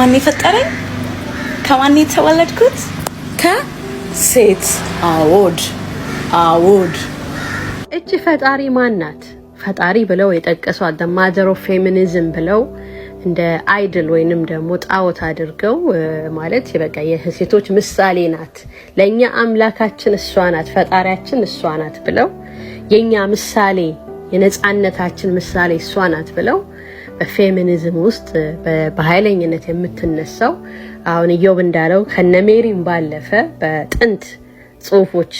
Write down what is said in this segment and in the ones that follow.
ማን የፈጠረኝ? ከማን የተወለድኩት? ከሴት አዎድ አዎድ። እቺ ፈጣሪ ማን ናት? ፈጣሪ ብለው የጠቀሷት ደ ማዘር ኦፍ ፌሚኒዝም ብለው እንደ አይድል ወይንም ደግሞ ጣዖት አድርገው ማለት በቃ የሴቶች ምሳሌ ናት፣ ለእኛ አምላካችን እሷ ናት፣ ፈጣሪያችን እሷ ናት ብለው የእኛ ምሳሌ የነፃነታችን ምሳሌ እሷ ናት ብለው በፌሚኒዝም ውስጥ በኃይለኝነት የምትነሳው አሁን እዮብ እንዳለው ከነሜሪም ባለፈ በጥንት ጽሁፎች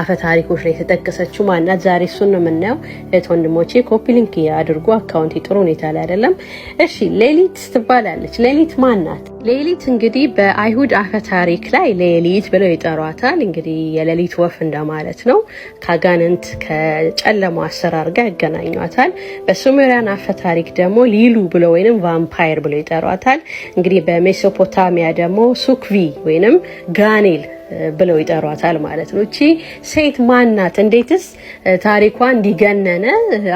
አፈ ታሪኮች ላይ የተጠቀሰችው ማናት? ዛሬ እሱን ነው የምናየው። እህት ወንድሞቼ ኮፒ ሊንክ አድርጎ አካውንት ጥሩ ሁኔታ ላይ አይደለም። እሺ ሌሊት ትባላለች። ሌሊት ማናት? ሌሊት እንግዲህ በአይሁድ አፈ ታሪክ ላይ ሌሊት ብለው ይጠሯታል። እንግዲህ የሌሊት ወፍ እንደማለት ነው። ከአጋንንት ከጨለማ አሰራር ጋር ያገናኟታል። በሱሜሪያን አፈ ታሪክ ደግሞ ሊሉ ብለው ወይም ቫምፓየር ብለው ይጠሯታል። እንግዲህ በሜሶፖታሚያ ደግሞ ሱክቪ ወይም ጋኔል ብለው ይጠሯታል ማለት ነው። እቺ ሴት ማናት? እንዴትስ ታሪኳ እንዲገነነ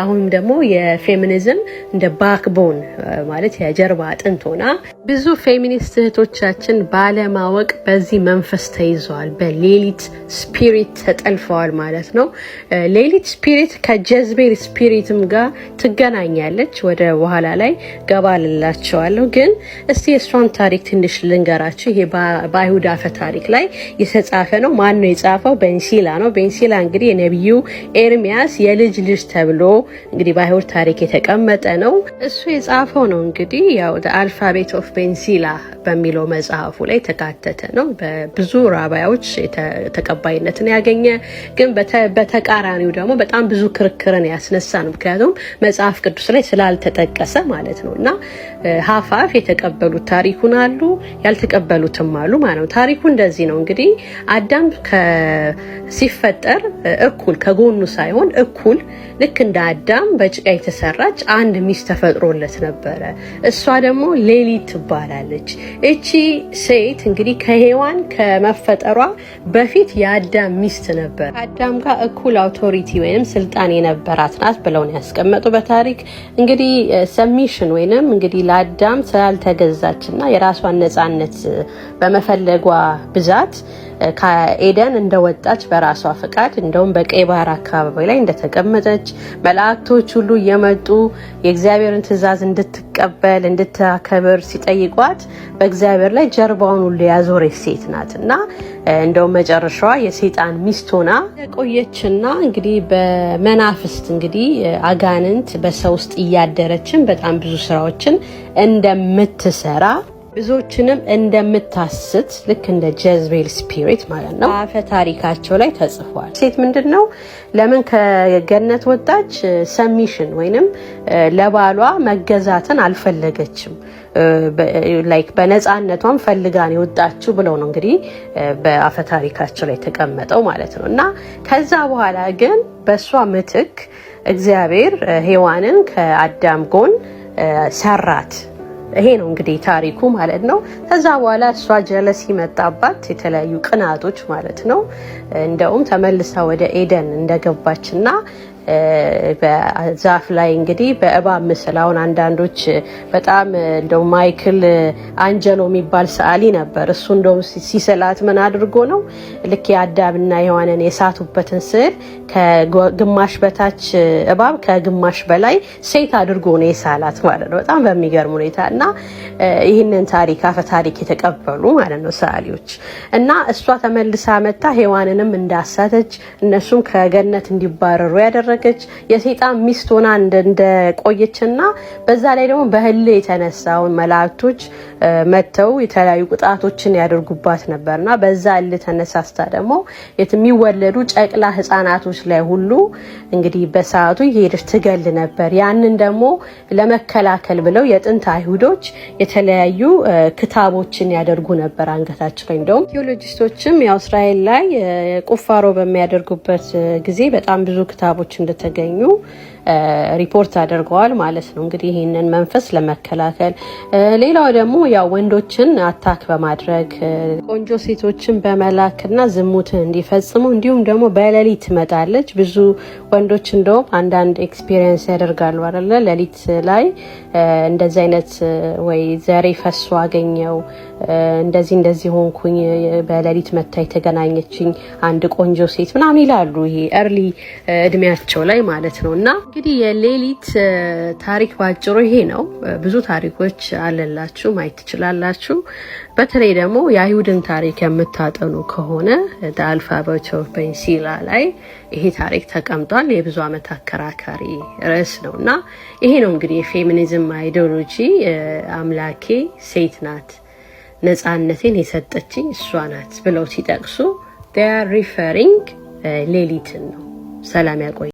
አሁንም ደግሞ የፌሚኒዝም እንደ ባክቦን ማለት የጀርባ አጥንት ሆና ብዙ ፌሚኒስት እህቶቻችን ባለማወቅ በዚህ መንፈስ ተይዘዋል። በሌሊት ስፒሪት ተጠልፈዋል ማለት ነው። ሌሊት ስፒሪት ከጀዝቤል ስፒሪትም ጋር ትገናኛለች። ወደ በኋላ ላይ ገባ ልላቸዋለሁ። ግን እስቲ የእሷን ታሪክ ትንሽ ልንገራችሁ። ይሄ በአይሁድ አፈ ታሪክ ላይ የተጻፈ ነው። ማን ነው የጻፈው? ቤንሲላ ነው። ቤንሲላ እንግዲህ የነቢዩ ኤርሚያስ የልጅ ልጅ ተብሎ እንግዲህ በአይሁድ ታሪክ የተቀመጠ ነው። እሱ የጻፈው ነው። እንግዲህ ያው አልፋቤት ኦፍ ቤንሲላ በሚለው መጽሐፉ ላይ የተካተተ ነው። በብዙ ራባያዎች ተቀባይነትን ያገኘ ግን በተቃራኒው ደግሞ በጣም ብዙ ክርክርን ያስነሳ ነው። ምክንያቱም መጽሐፍ ቅዱስ ላይ ስላልተጠቀሰ ማለት ነው። እና ሀፋፍ የተቀበሉት ታሪኩን አሉ፣ ያልተቀበሉትም አሉ ማለት ነው። ታሪኩ እንደዚህ ነው እንግዲህ አዳም ሲፈጠር እኩል ከጎኑ ሳይሆን እኩል ልክ እንደ አዳም በጭቃ የተሰራች አንድ ሚስት ተፈጥሮለት ነበረ። እሷ ደግሞ ሌሊት ትባላለች። እቺ ሴት እንግዲህ ከሔዋን ከመፈጠሯ በፊት የአዳም ሚስት ነበር። ከአዳም ጋር እኩል አውቶሪቲ ወይም ስልጣን የነበራት ናት ብለው ነው ያስቀመጡ በታሪክ እንግዲህ ሰሚሽን ወይንም እንግዲህ ለአዳም ስላልተገዛችና የራሷን ነፃነት በመፈለጓ ብዛት ከኤደን እንደወጣች በራሷ ፍቃድ እንደውም በቀይ ባህር አካባቢ ላይ እንደተቀመጠች መላእክቶች ሁሉ እየመጡ የእግዚአብሔርን ትእዛዝ እንድትቀበል እንድታከብር ሲጠይቋት በእግዚአብሔር ላይ ጀርባውን ሁሉ ያዞረች ሴት ናት እና እንደውም መጨረሻዋ የሴጣን ሚስት ሆና ቆየችና እንግዲህ በመናፍስት እንግዲህ አጋንንት በሰው ውስጥ እያደረችን በጣም ብዙ ስራዎችን እንደምትሰራ ብዙዎችንም እንደምታስት ልክ እንደ ጀዝቤል ስፒሪት ማለት ነው አፈ ታሪካቸው ላይ ተጽፏል። ሴት ምንድን ነው ለምን ከገነት ወጣች? ሰሚሽን ወይንም ለባሏ መገዛትን አልፈለገችም። ላይክ በነፃነቷም ፈልጋን የወጣችው ብለው ነው እንግዲህ በአፈ ታሪካቸው ላይ ተቀመጠው ማለት ነው። እና ከዛ በኋላ ግን በእሷ ምትክ እግዚአብሔር ሔዋንን ከአዳም ጎን ሰራት። ይሄ ነው እንግዲህ ታሪኩ ማለት ነው። ከዛ በኋላ እሷ ጀለስ ሲመጣባት የተለያዩ ቅናቶች ማለት ነው። እንደውም ተመልሳ ወደ ኤደን እንደገባችና በዛፍ ላይ እንግዲህ በእባብ ምስል አሁን አንዳንዶች በጣም እንደው ማይክል አንጀሎ የሚባል ሰዓሊ ነበር። እሱ እንደውም ሲስላት ምን አድርጎ ነው ልክ የአዳምና ሔዋንን የሳቱበትን ስዕል ከግማሽ በታች እባብ ከግማሽ በላይ ሴት አድርጎ ነው የሳላት ማለት ነው። በጣም በሚገርም ሁኔታ እና ይህንን ታሪክ አፈ ታሪክ የተቀበሉ ማለት ነው ሰዓሊዎች እና እሷ ተመልሳ መታ ሔዋንንም እንዳሳተች እነሱም ከገነት እንዲባረሩ ያደረ እያደረገች የሴጣን ሚስት ሆና እንደቆየች በዛ ላይ ደግሞ በህል የተነሳውን መላእክቶች መጥተው የተለያዩ ቅጣቶችን ያደርጉባት ነበር እና በዛ ህል ተነሳስታ ደግሞ የሚወለዱ ጨቅላ ህጻናቶች ላይ ሁሉ እንግዲህ በሰዓቱ እየሄደች ትገል ነበር። ያንን ደግሞ ለመከላከል ብለው የጥንት አይሁዶች የተለያዩ ክታቦችን ያደርጉ ነበር አንገታቸው ላይ እንደውም ቴዎሎጂስቶችም ያው እስራኤል ላይ ቁፋሮ በሚያደርጉበት ጊዜ በጣም ብዙ ክታቦች እንደተገኙ ሪፖርት አድርገዋል ማለት ነው። እንግዲህ ይህንን መንፈስ ለመከላከል ሌላው ደግሞ ያው ወንዶችን አታክ በማድረግ ቆንጆ ሴቶችን በመላክና ዝሙትን እንዲፈጽሙ እንዲሁም ደግሞ በሌሊት ትመጣለች። ብዙ ወንዶች እንደውም አንዳንድ ኤክስፒሪየንስ ያደርጋሉ አለ ሌሊት ላይ እንደዚህ አይነት ወይ ዘሬ ፈሶ አገኘው እንደዚህ እንደዚህ ሆንኩኝ በሌሊት መታ የተገናኘችኝ አንድ ቆንጆ ሴት ምናምን ይላሉ። ይሄ ርሊ እድሜያቸው ላይ ማለት ነው እና እንግዲህ የሌሊት ታሪክ ባጭሩ ይሄ ነው። ብዙ ታሪኮች አለላችሁ ማየት ትችላላችሁ። በተለይ ደግሞ የአይሁድን ታሪክ የምታጠኑ ከሆነ አልፋቤት ኦፍ ፔንሲላ ላይ ይሄ ታሪክ ተቀምጧል። የብዙ ዓመት አከራካሪ ርዕስ ነው እና ይሄ ነው እንግዲህ የፌሚኒዝም አይዲዮሎጂ አምላኬ ሴት ናት፣ ነፃነቴን የሰጠችኝ እሷ ናት ብለው ሲጠቅሱ ሪፈሪንግ ሌሊትን ነው። ሰላም ያቆይ።